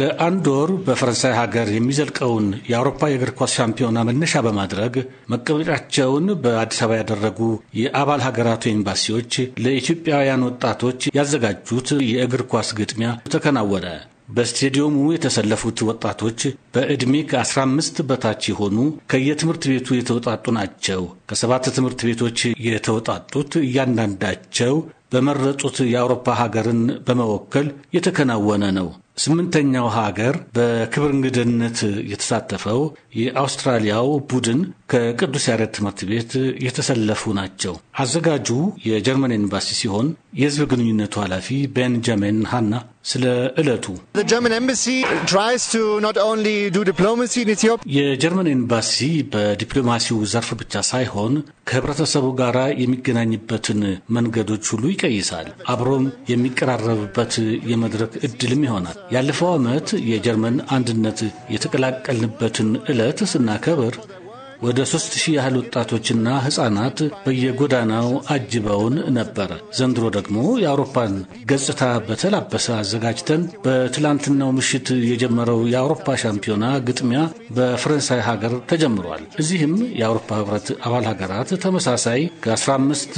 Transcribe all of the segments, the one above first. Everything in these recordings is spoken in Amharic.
ለአንድ ወር በፈረንሳይ ሀገር የሚዘልቀውን የአውሮፓ የእግር ኳስ ሻምፒዮና መነሻ በማድረግ መቀመጫቸውን በአዲስ አበባ ያደረጉ የአባል ሀገራቱ ኤምባሲዎች ለኢትዮጵያውያን ወጣቶች ያዘጋጁት የእግር ኳስ ግጥሚያ ተከናወነ። በስቴዲየሙ የተሰለፉት ወጣቶች በዕድሜ ከ15 በታች የሆኑ ከየትምህርት ቤቱ የተውጣጡ ናቸው። ከሰባት ትምህርት ቤቶች የተውጣጡት እያንዳንዳቸው በመረጡት የአውሮፓ ሀገርን በመወከል የተከናወነ ነው። ስምንተኛው ሀገር በክብር እንግድነት የተሳተፈው የአውስትራሊያው ቡድን ከቅዱስ ያሬድ ትምህርት ቤት የተሰለፉ ናቸው። አዘጋጁ የጀርመን ኤምባሲ ሲሆን የህዝብ ግንኙነቱ ኃላፊ ቤንጃሚን ሃና ስለ ዕለቱ የጀርመን ኤምባሲ በዲፕሎማሲው ዘርፍ ብቻ ሳይሆን ከህብረተሰቡ ጋር የሚገናኝበትን መንገዶች ሁሉ ይቀይሳል። አብሮም የሚቀራረብበት የመድረክ እድልም ይሆናል። ያለፈው ዓመት የጀርመን አንድነት የተቀላቀልንበትን ዕለት ስናከብር ወደ ሶስት ሺህ ያህል ወጣቶችና ሕፃናት በየጎዳናው አጅበውን ነበር። ዘንድሮ ደግሞ የአውሮፓን ገጽታ በተላበሰ አዘጋጅተን በትላንትናው ምሽት የጀመረው የአውሮፓ ሻምፒዮና ግጥሚያ በፈረንሳይ ሀገር ተጀምሯል። እዚህም የአውሮፓ ሕብረት አባል ሀገራት ተመሳሳይ ከ15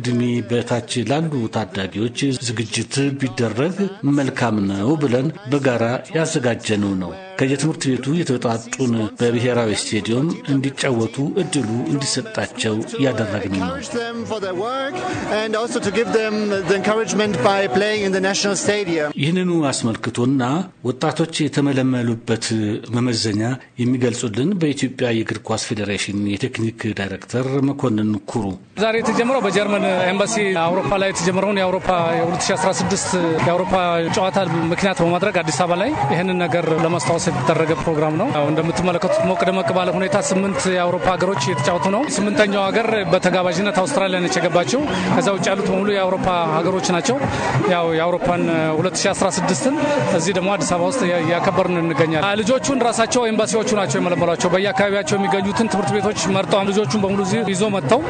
ዕድሜ በታች ላሉ ታዳጊዎች ዝግጅት ቢደረግ መልካም ነው ብለን በጋራ ያዘጋጀነው ነው። ከየትምህርት ቤቱ የተወጣጡን በብሔራዊ ስቴዲየም እንዲጫወቱ እድሉ እንዲሰጣቸው ያደረግን ነው። ይህንኑ አስመልክቶና ወጣቶች የተመለመሉበት መመዘኛ የሚገልጹልን በኢትዮጵያ የእግር ኳስ ፌዴሬሽን የቴክኒክ ዳይሬክተር መኮንን ኩሩ ዛሬ የተጀመረው በጀርመን ኤምባሲ አውሮፓ ላይ የተጀመረውን የአውሮፓ 2016 የአውሮፓ ጨዋታ ምክንያት በማድረግ አዲስ አበባ ላይ ይህንን ነገር ለማስታወስ የተደረገ ፕሮግራም ነው። እንደምትመለከቱት ሞቅ ደመቅ ባለ ሁኔታ ስምንት የአውሮፓ ሀገሮች እየተጫወቱ ነው። ስምንተኛው ሀገር በተጋባዥነት አውስትራሊያ ነች የገባቸው። ከዛ ውጭ ያሉት በሙሉ የአውሮፓ ሀገሮች ናቸው። ያው የአውሮፓን 2016ን እዚህ ደግሞ አዲስ አበባ ውስጥ እያከበርን እንገኛለን። ልጆቹን ራሳቸው ኤምባሲዎቹ ናቸው የመለመሏቸው። በየአካባቢያቸው የሚገኙትን ትምህርት ቤቶች መርጠው ልጆቹን በሙሉ ይዞ መጥተው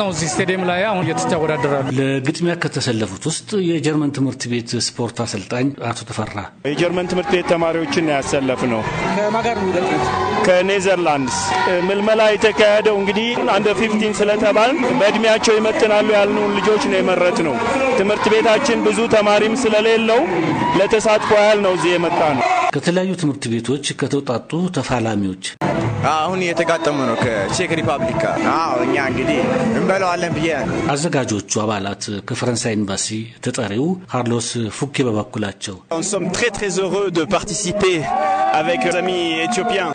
ነው እዚህ ስቴዲየም ላይ አሁን እየተወዳደራሉ። ለግጥሚያ ከተሰለፉት ውስጥ የጀርመን ትምህርት ቤት ስፖርት አሰልጣኝ አቶ ተፈራ የጀርመን ትምህርት ቤት ተማሪዎችን ያሰለፍ ነው። ከማጋር ከኔዘርላንድስ ምልመላ የተካሄደው እንግዲህ አንደ ፊፍቲን ስለተባል በእድሜያቸው ይመጥናሉ ያልነውን ልጆች ነው የመረት ነው። ትምህርት ቤታችን ብዙ ተማሪም ስለሌለው ለተሳትፎ ያህል ነው እዚህ የመጣ ነው። ከተለያዩ ትምህርት ቤቶች ከተውጣጡ ተፋላሚዎች አሁን እየተጋጠሙ ነው ከቼክ ሪፐብሊክ አዎ እኛ እንግዲህ እንበለዋለን ብዬ አዘጋጆቹ አባላት ከፈረንሳይ ኤምባሲ ተጠሪው ካርሎስ ፉኬ በበኩላቸው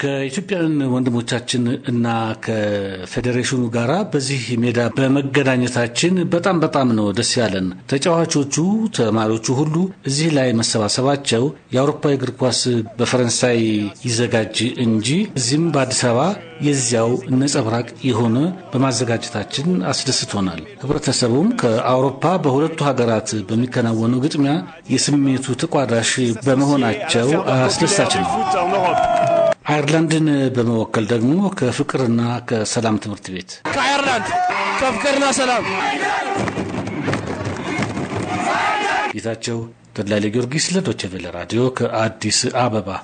ከኢትዮጵያውያን ወንድሞቻችን እና ከፌዴሬሽኑ ጋር በዚህ ሜዳ በመገናኘታችን በጣም በጣም ነው ደስ ያለን። ተጫዋቾቹ፣ ተማሪዎቹ ሁሉ እዚህ ላይ መሰባሰባቸው የአውሮፓ እግር ኳስ በፈረንሳይ ይዘጋጅ እንጂ እዚህም በአዲስ አበባ የዚያው ነጸብራቅ የሆነ በማዘጋጀታችን አስደስቶናል። ህብረተሰቡም ከአውሮፓ በሁለቱ ሀገራት በሚከናወነው ግጥሚያ የስሜቱ ተቋዳሽ በመሆናቸው አስደሳች ነው። አይርላንድን በመወከል ደግሞ ከፍቅርና ከሰላም ትምህርት ቤት ከአይርላንድ ከፍቅርና ሰላም ጌታቸው ተድላ ለጊዮርጊስ ለዶቸቬለ ራዲዮ ከአዲስ አበባ